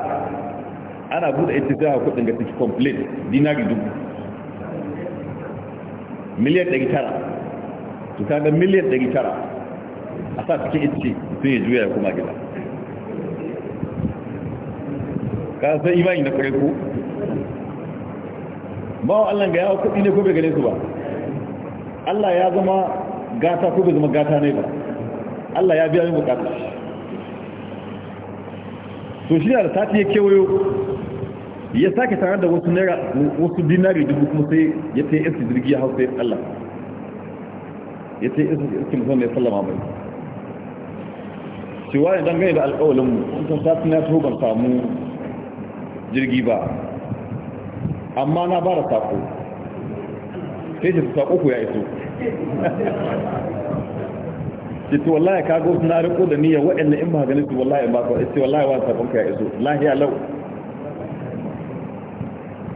ana buɗe ita ta haka kudin ga ciki complete dinari dubu miliyan ɗari tara to kaga miliyan 900 a sa cikin itce sun yi juya ya kuma gida ka san imani na kare ku? ba wa Allah ga yawo kudi ne ko bai gare su ba Allah ya zama gata ko bai zama gata ne ba Allah ya biya min bukata to shi da sati ya kewayo ya sake tare da wasu dinari dubu kuma sai ya tayi iski jirgi ya hausa ya Allah ya ce iski musamman ya sallama bai cewa ne dangane da alƙawalinmu an ta sati na ban samu jirgi ba amma na ba da sako sai ce sako ku ya iso ce ce wallahi ka gosu na riko da niyyar waɗanda in ba ganin su wallahi ba ka ce wallahi wa sakon ka ya iso lahiya lau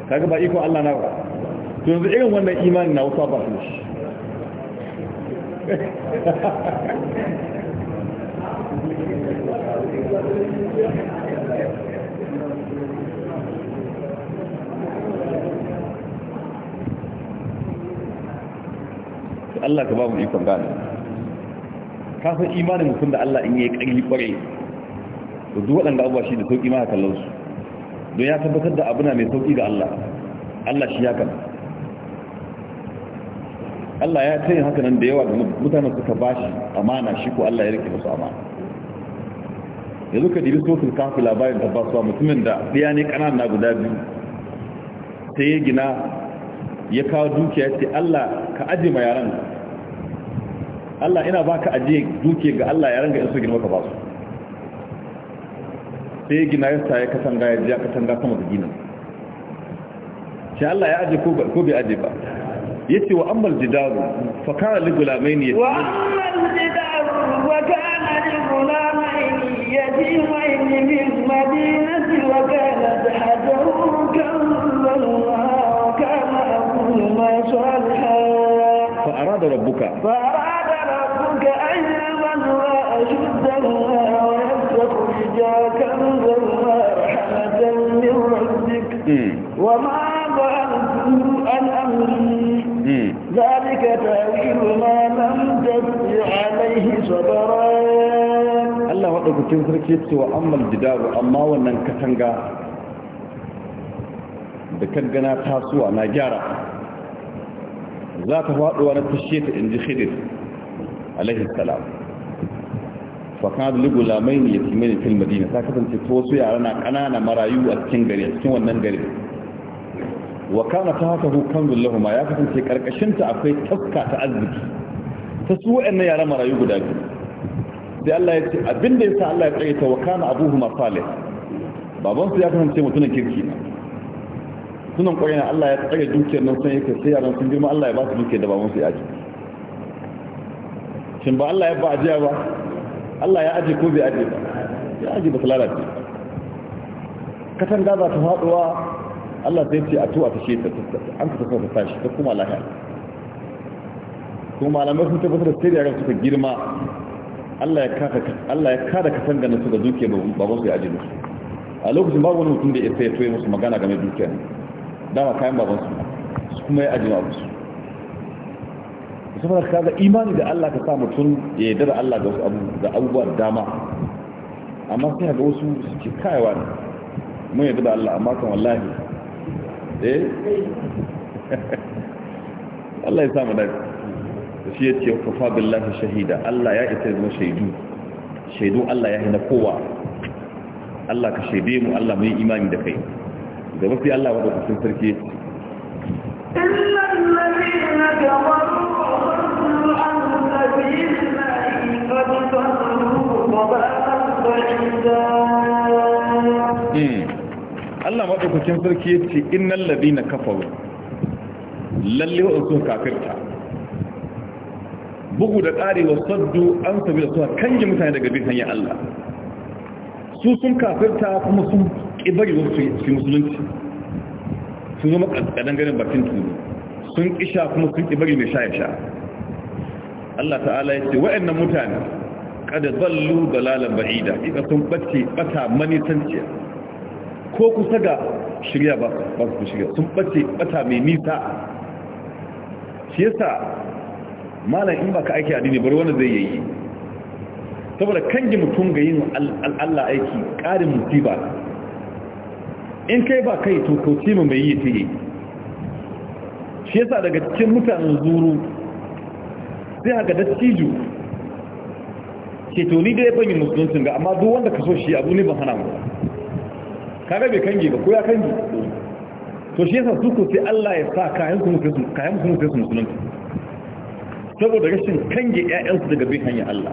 kaga ba iko Allah na ba tunzu irin wannan imanin na wasu ba su shi Allah ka ba mu ikon gane Ka san imanin mutum da Allah in yi ƙarfi ƙwarai da duk waɗanda abuwa shi da sauƙi ma kallon su don ya tabbatar da abu na mai sauƙi ga Allah Allah shi ya kama Allah ya tsaye haka nan da yawa da mutanen suka bashi amana shi ko Allah ya rike musu amana yanzu ka dibi sosul kafi labarin da basuwa mutumin da ɗaya ne ƙananan na guda biyu ta ya gina ya kawo dukiya ce Allah ka aje ma yaran Allah ina baka aje duke ga Allah yaran ga in su gina maka basu sai ya gina ya sa ya katanga ya ji ya katanga sama da ginin shi Allah ya aje ko bai aje ba yace wa ammal jidaru fa kana li gulamaini wa ammal jidaru wa kana li gulamaini yatimaini min madinati wa kana tahdahu kallan wa kana abuma salihan fa arada rabbuka fa arada rabbuka ayyaman wa ajuddahu wa yastakhrija kallan wa rahmatan min rabbik wa ma عن أمري ذلك تأويل ما لم تستطع عليه صبرا الله وقت da kaggana tasowa na gyara za ta faɗuwa na tashe ta inji khidir alaihi salam fakan da lugulamai ne ya fi mini ta kasance wasu yara na ƙanana marayu a cikin gari a cikin wannan gari wa kana ta haka hukan billahuma ya kasance karkashinta akwai taska ta arziki ta su waɗannan yara marayu guda biyu sai Allah ya ce abin abinda yasa Allah ya tsaye ta wa kana abuhuma salih baban su ya kasance mutumin kirki ne sunan kwarai na Allah ya tsaye dukiyar nan sun yake sai yaran sun girma Allah ya ba su dukiyar da baban su ya aji shin ba Allah ya ba ajiya ba Allah ya aje ko bai aje ba ya aje ba su lalace katanga za ta faɗuwa Allah sai ce a tuwa ta shi ta an ka tafi ta ta kuma lahiya kuma malamai sun tabbatar da sai yaran suka girma Allah ya kada Allah ya kada ka san ganin su da duke baban su ya aje musu a lokacin babu wani mutum da ya sai toye musu magana game da dukiya dama kayan baban su su kuma ya aje musu saboda kaga imani da Allah ka sa mutum ya yarda da Allah ga wasu abu da abubuwa da dama amma sai ga wasu su ce kayawa ne mun yarda da Allah amma kan wallahi eh [laughs] Allah ya samu da shi ya ce kafa billahi shahida Allah ya ita zama shaidu shaidu Allah ya hina kowa Allah ka shaide mu Allah mu yi imani da kai da mafi Allah wadda kusan sarki ya maɗaukacin sarki ya ce innan labina kafaru lalle wa sun kafirta bugu da ƙari wa saddu an sabi da suwa kange mutane daga bin hanyar Allah su sun kafirta kuma sun ƙibari wasu su musulunci sun zama ƙadan ganin bakin tuni sun ƙisha kuma sun ƙibari mai sha-sha Allah ta'ala ya ce wa'annan mutane kada zallu dalalan ba'ida ika sun bace bata manisanciya ko kusa ga shirya ba su shirya sun bace bata mai nisa shi yasa malam in baka aiki addini bar wanda zai yi saboda kan ji mutum ga yin Allah aiki ƙarin musiba in kai ba kai to kauce mu mai yi ta yi shi yasa daga cikin mutanen zuru sai haka dattijo ke to ni da ya banyi musuluncin ga amma duk wanda ka so shi abu ne ban hana mu kaga bai kange ba ko ya kange to shi yasa suku sai Allah ya sa kayan su mutu kayan ku su mutu musulun saboda rashin kange ƴaƴan su daga bin hanyar Allah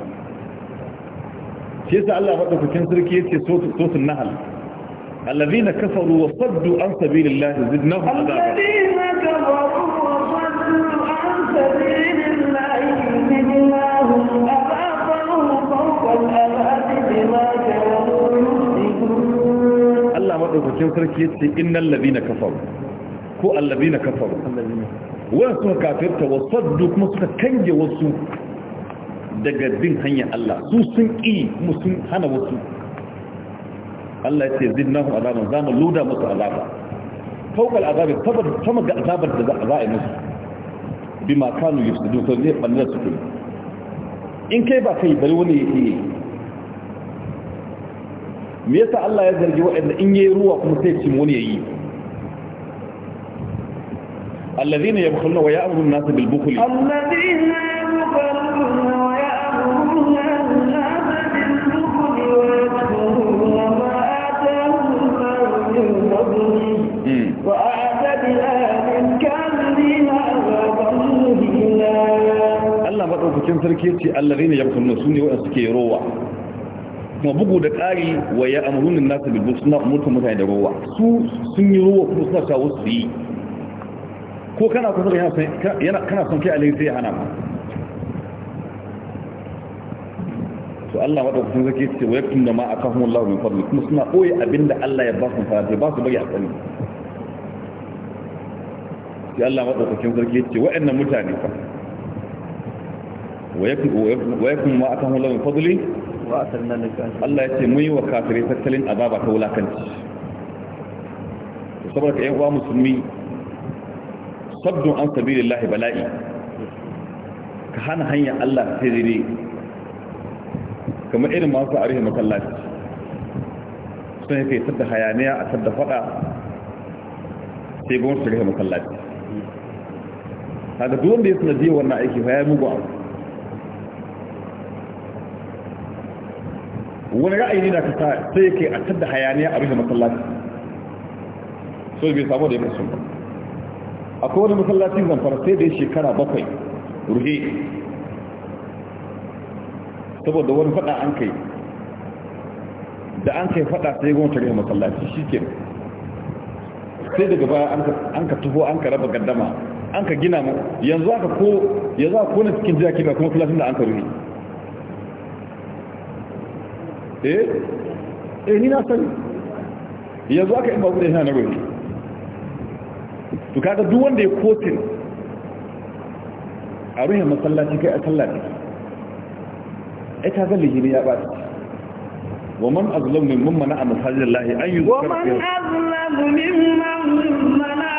shi yasa Allah ya faɗa madaukakin sirki yace so so sun nahal الذين كفروا وصدوا عن سبيل الله زدناهم عذابا الذين كفروا وصدوا عن سبيل الله زدناهم عذابا madaukakin sarki yace innal ladina kafaru ko allazina kafaru wa suka kafirta wa saddu kuma suka kange wasu daga bin hanyar Allah su sun ƙi kuma sun hana wasu Allah ya ce zinnahu azaban zamu luda musu azaba fawqal azabi saboda sama ga azabar da za a yi musu bima kanu yufsidu to zai banna su in kai ba kai bari wani yake me yasa Allah ya zargi waɗanda in yayi ruwa kuma sai cin wani yayi alladhina yabkhuluna wa ya'muruna an-nasa bil bukhli alladhina yabkhuluna wa ya'muruna an-nasa bil bukhli wa yadkhuluna ma atahum min fadlihi hmm. wa a'tadi lil kafirina adhaban muhina Allah madaukakin sarki yace alladhina yabkhuluna sunni wa suke rowa kuma bugu da ƙari wa ya amurunin nasu bilbu suna umurtar mutane da ruwa. su sun yi ruwa kuma suna kawo su yi ko kana kusa yana kana son kai alai sai ya hana ma to Allah madaukakin zake ce wa yaktum da ma akahum Allah mai fadli kuma suna koyi abinda Allah ya ba su fara ba su bari a tsani. sai Allah madaukakin zake ce wa'annan mutane fa wa yaktum wa yaktum ma akahum Allah min fadli Allah ya ce mun yi wa kafirai tattalin azaba ta wulakanci saboda ka yan uwa musulmi sabdun an sabilillahi bala'i ka hana hanyar Allah ta dire kamar irin masu arihin masallaci sun yake sadda hayaniya a sadda faɗa sai gwamnati ta rihe masallaci kaga duk wanda ya sanadiyar wannan aiki fa ya mugu abu wani ra'ayi ne da ka sai yake a tadda hayaniya a rufe masallaci so bai samu da ya kasu akwai wani masallacin zamfara sai da shekara bakwai ruhe saboda wani fada an kai da an kai fada sai gwamnati rufe masallaci shi ke sai daga baya an ka tuho an ka raba gaddama an ka gina mu yanzu aka ko yanzu aka kone cikin jiya kiba kuma masallacin da an ka ruhe. eh eh ni na sani yanzu aka yi babu da yana na to kaga duk wanda ya kotin a ruhin masallaci kai a sallaci ai ta zalli ne ya bata. ومن أظلم ممن منع مساجد الله أن يذكر ومن أظلم منع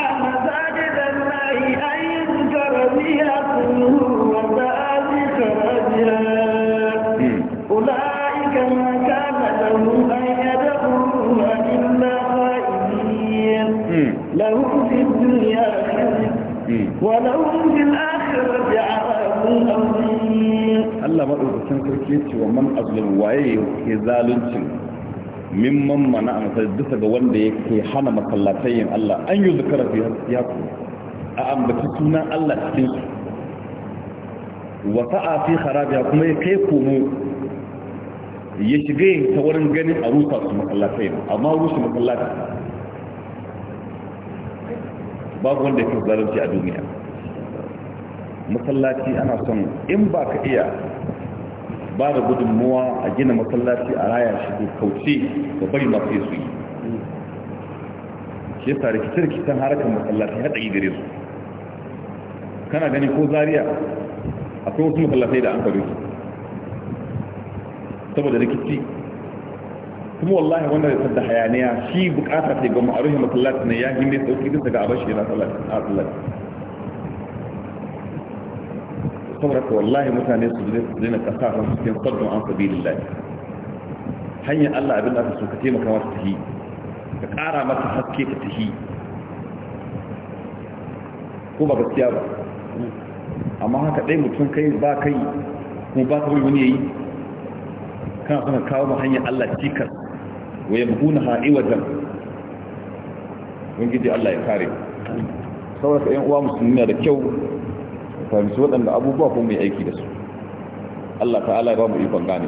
ولهم في الآخرة عذاب عظيم الله ما أقول كان كركيتي ومن أظلم وعيه في ذلك mimman mana a matsayin bisa ga wanda yake hana masallatayin Allah an yi zukara ya ku a ambaci sunan Allah cikin su wata a fi harabiya kuma ya kai komo ya shiga ta wurin ganin a rusa su babu wanda ke zalunci a duniya masallaci ana son in ba ka iya ba da gudunmuwa a gina masallaci a raya shi ko kauce da bari masu yi su yi Ke sa rikice-rikicen harkar masallaci haɗa yi gare su kana gani ko zariya akwai wasu masallatai da an kare su saboda rikici kuma wallahi wanda ya sadda hayaniya shi bukata ta ga ma'aruhi masallaci ne ya yi mai sauki duk daga abashi yana sallaci a sallaci saboda ka wallahi mutane su zai zai su na kasa kan cikin sabbin an sabi lillahi hanyar allah abin da aka suka ka taimaka mata tahi ka kara mata haske ka tahi ko ba gaskiya ba amma haka ɗai mutum kai ba kai kuma ba ta wani yayi kana suna kawo ma hanyar allah cikas wa yabuna ha'iwatan ubangiji Allah ya kare saboda ƴan uwa musulmi da kyau fahimci waɗanda abubuwa ko mai aiki da su Allah ta'ala ya ba mu ikon gane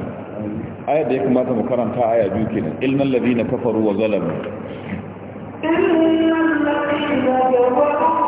ayar da ya kamata mu karanta aya biyu kenan ilmin ladina kafaru wa zalamu ilmin ladina kafaru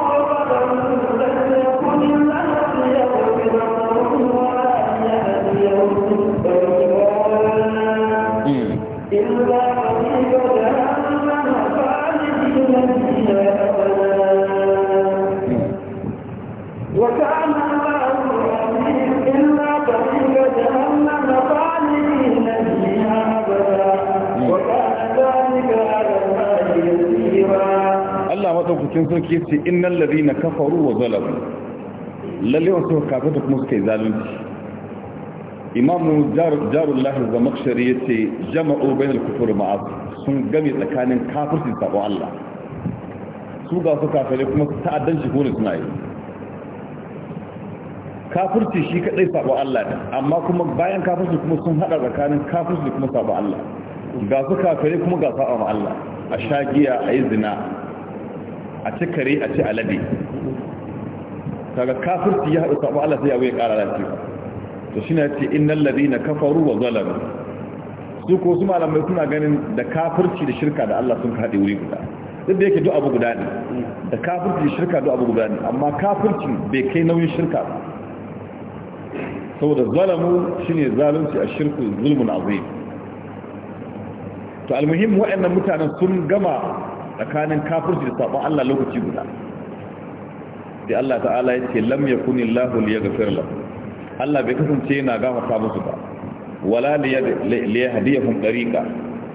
sun ke ce innal lalina kafaru wa zalamu lalle wasu da kuma suka yi zalunci imamu jarullahi zamakshari ya ce bai da kufur ma'azu sun game tsakanin kafirci sabo Allah su ga su kafare kuma su ta'addan shi kone suna yi kafirci shi kadai sabo Allah ne amma kuma bayan kafirci kuma sun hada tsakanin kafirci kuma sabo Allah ga su kafare kuma ga sabo Allah a shagiya a yi zina a ci kare a ci alade kaga kafirci ya haɗu sabon Allah sai abu ya ƙara lafiya to shi na ce innal ladina kafaru wa zalamu su ko su malamai suna ganin da kafirci da shirka da Allah sun haɗe wuri guda duk da yake duk abu guda ne da kafirci da shirka duk abu guda ne amma kafirci bai kai nauyin shirka ba saboda zalamu shine zalunci a shirku zulmun azim to almuhim wa'annan mutanen sun gama tsakanin kafirci da sabon Allah lokaci guda da Allah ta'ala ya ce lam lahu illahu liyaghfir firla. Allah bai kasance yana gafarta musu ba wala liyahdiyahum tariqa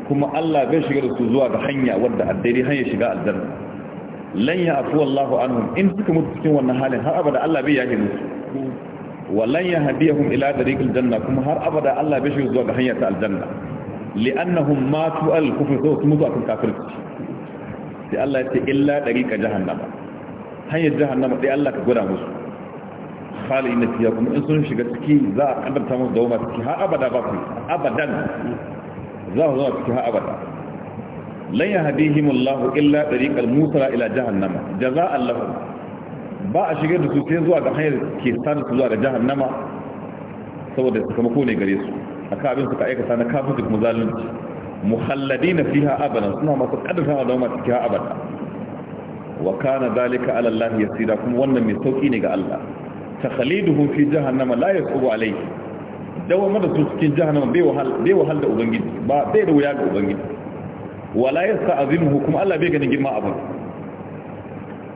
kuma Allah bai shigar su zuwa ga hanya wadda addini hanya shiga aljanna lan ya'fu Allahu anhum in suka mutu cikin wannan halin har abada Allah bai yake musu walan yahdiyahum ila tariqil janna kuma har abada Allah bai shigar zuwa ga hanya ta aljanna li'annahum matu al-kufr su mutu akan kafirci sai Allah ya ce illa dariqa jahannama hanyar jahannama dai Allah ka gwada musu na fiya kuma in sun shiga ciki za a kaddarta musu dawoma ciki har abada ba ku abadan za su zama ciki har abada lan yahdihimullahu illa dariqal musala ila jahannama jazaa'an lahum ba a shigar da su sai zuwa ga hanyar ke sanar su zuwa ga jahannama saboda sakamako ne gare su aka abin ka aika na kafin kuma zalunci muhalladina fiha abada suna masu kadarta da masu fiha abada wa kana zalika ala Allah yasira kuma wannan mai sauki ne ga Allah takhaliduhum fi jahannama la yasubu alayhi dawo mada su cikin jahannama bai wahal bai wahal da ubangiji ba bai da wuya ga ubangiji wala yasta'zimuhu kuma Allah bai ganin girma abun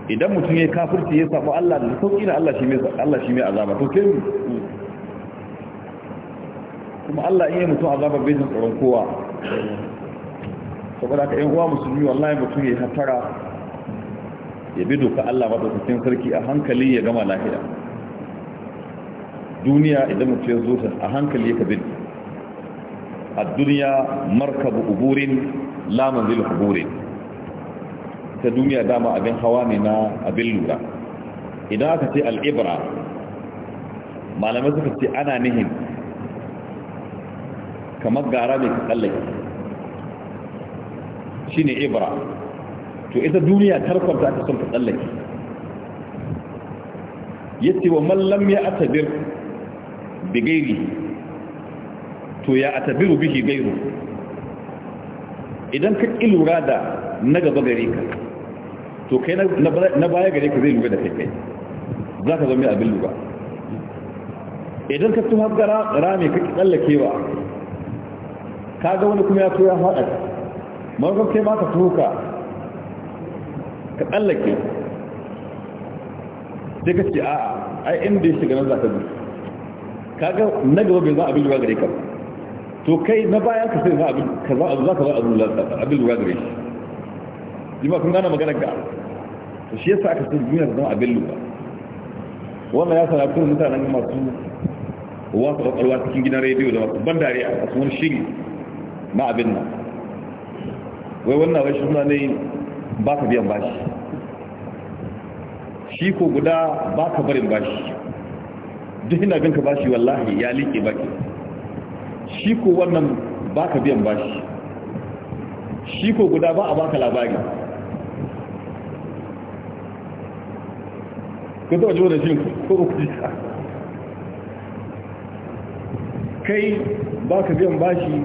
idan mutum ya kafirci ya saba Allah da sauki na Allah shi mai Allah shi mai azaba to sai kuma Allah in ya mutum azaba bai jin tsoron kowa saboda ka yan uwa musulmi wallahi mutum ya hatara ya bi doka Allah madaukakin sarki a hankali ya gama lafiya duniya idan mutum ya zo a hankali ya kabi a duniya markabu uburin la manzil uburin ta duniya dama abin hawa ne na abin lura idan aka ce al'ibra malamai suka ce ana nihin kamar gara mai tsallake ne ibra to ita duniya tarkon ta aka son ta tsallake yace wa man lam ya'tabir bi gairi to ya atabiru bihi gairu idan ka ƙi lura da na gaba gare ka to kai na baya gare ka zai lura da kai kai za ka zama abin lura idan ka tun haka rami ka ƙi tsallakewa ka ga wani kuma ya to ya maimakon kai ma ka tuka ka tsallake sai ka ce a ai inda ya shiga nan za ka bi kaga na gaba bai za abin lura gare ka to kai na bayan ka sai za abin ka za abin zuwa ka za abin lura abin lura gare shi jima kun gane maganar ga to shi yasa aka sai duniya zama a bin lura wannan ya sanar kun mutanen masu wasu kwakwalwa cikin gidan rediyo da masu ban dariya a kasuwan shiri na abin nan wai wannan wai shi suna ne ba ka biyan bashi shi ko guda ba ka barin bashi duk ina ganka bashi wallahi ya liƙe baki shi ko wannan ba ka biyan bashi shi ko guda ba a baka labari ko ta da shi ko kuji kai ba ka biyan bashi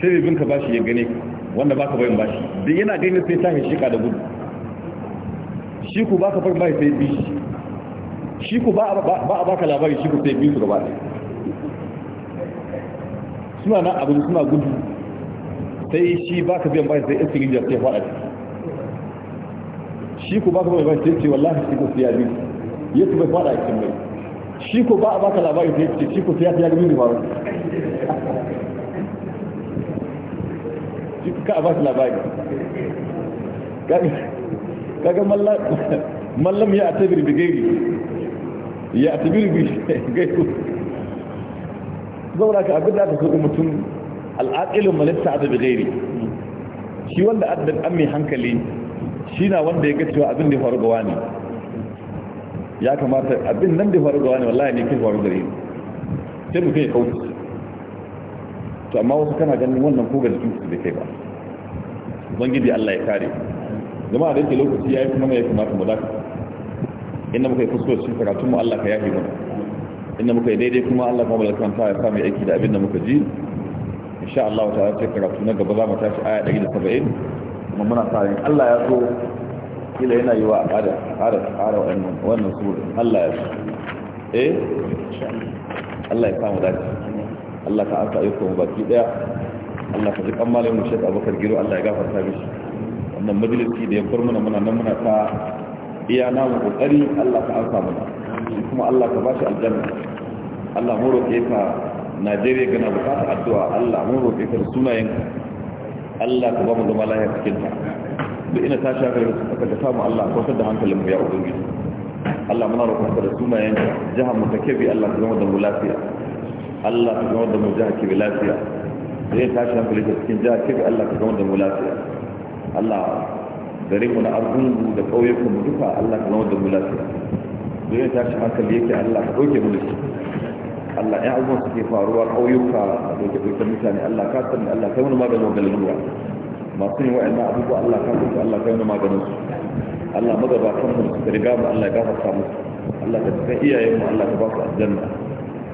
sai binka bashi ya gane ka wanda baka bayan bashi duk yana gani sai tashi shika da gudu shi ku baka bar bai sai bi shi ku ba a baka labari shi ku sai bi su gaba ɗaya suna na abin suna gudu sai shi baka biyan bashi sai iska gijiyar sai faɗa shi ku baka bar bashi sai ce wallahi shi ku siya bi ya su bai faɗa a cikin bai shi ku ba a baka labari sai ce shi ku siya ta ya gami ba faru ka a ba labari kaga mallam ya atabir bi gairi ya atabir bi gairu zaura ka abin da aka so mutum al'aqilun malista a bi gairi shi wanda adadin an mai hankali shi na wanda ya gacewa abin da ya faru gawa ne ya kamata abin nan da ya faru gawa ne wallahi ne ke faru gare sai mutum ya kauce to amma wasu kana ganin wannan ko ga jikin su da kai ba ubangiji Allah ya kare zama da yake lokaci yayi kuma mai kamata mu zaka inda muka yi kuskure cikin karatun mu Allah ka yafe mana inda muka yi daidai kuma Allah kuma balkan ta ya samu aiki da abin da muka ji insha Allah ta ce karatu na gaba za mu tashi aya 170 kuma muna sa yin Allah ya so kila yana yi wa a ƙara ƙara ƙara wannan wannan sura Allah ya so eh Allah ya samu dace Allah ka arka aiko mu baki daya Allah ka jikan malamin Sheikh Abubakar Giro Allah ya gafarta mishi wannan majalisi da ya bar na muna nan muna ta iya namu kokari Allah ka arka mana kuma Allah ka bashi aljanna Allah mu roƙe ka Najeriya kana bukatar addu'a Allah mu roƙe ka da sunayenka Allah ka ba mu zama lafiya cikin ta duk ina ta shafe ka ka samu Allah ko da hankalin mu ya ubangiji Allah muna roƙon ka da sunayenka jihar mu ta kebe Allah ka zama da mu lafiya Allah ka zama da mu jiha kibi lafiya zai tashi hankali ta cikin jiha kibi Allah ka zama da mu lafiya Allah gare mu na arzungu da ƙauyukan mu duka Allah ka zama da mu lafiya zai tashi hankali yake Allah ka ɗauke mu nufi Allah ya abubuwan suke faruwa ƙauyuka a ke ɗauke mutane Allah ka sani Allah kai wani maganin galilwa masu yin wa'in na abubuwa Allah ka sani Allah kai wani maganin su Allah magabatan mu suka riga mu Allah ya gafarta musu Allah ka cikin iyayen mu Allah ka ba su aljanna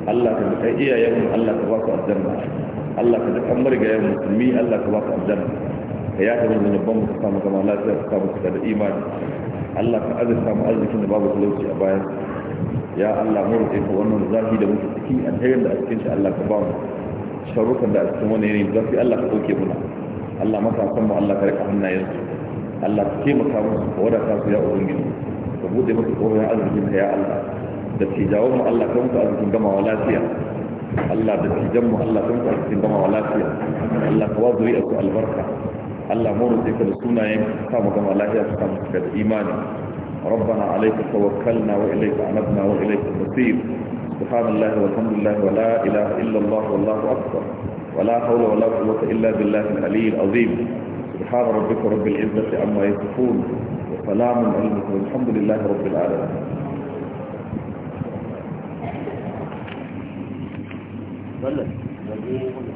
Allah ka duka iyayen mu Allah ka ba su aljanna Allah ka duka marigayen musulmi Allah ka ba su aljanna ka ya kamar zanubban mu ka samu zama lafiya ka samu kuka da imani Allah ka azurta mu arzikin da babu talauci a bayan ya Allah mu roƙe ka wannan zafi da muke ciki alherin da a cikin shi Allah ka ba mu sharrukan da a cikin wani yanayi zafi Allah ka ɗauke muna Allah masa san mu Allah ka rika hannayensu Allah ka taimaka musu ka wadata su ya ubangiji ka buɗe masa tsohon arzikin ka ya Allah da tijawan mu Allah kan ku arzikin gama wa lafiya Allah da tijan mu Allah kan ku arzikin gama wa lafiya Allah ka wa zuri'a ku albarka Allah mu rufe ka da sunayen ka mu gama lafiya ka da imani ربنا عليك توكلنا وإليك عنبنا وإليك المصير سبحان الله والحمد لله ولا إله إلا الله والله أكبر ولا حول ولا قوة إلا بالله العلي العظيم سبحان ربك رب العزة عما يصفون وسلام عليكم والحمد لله رب العالمين wannan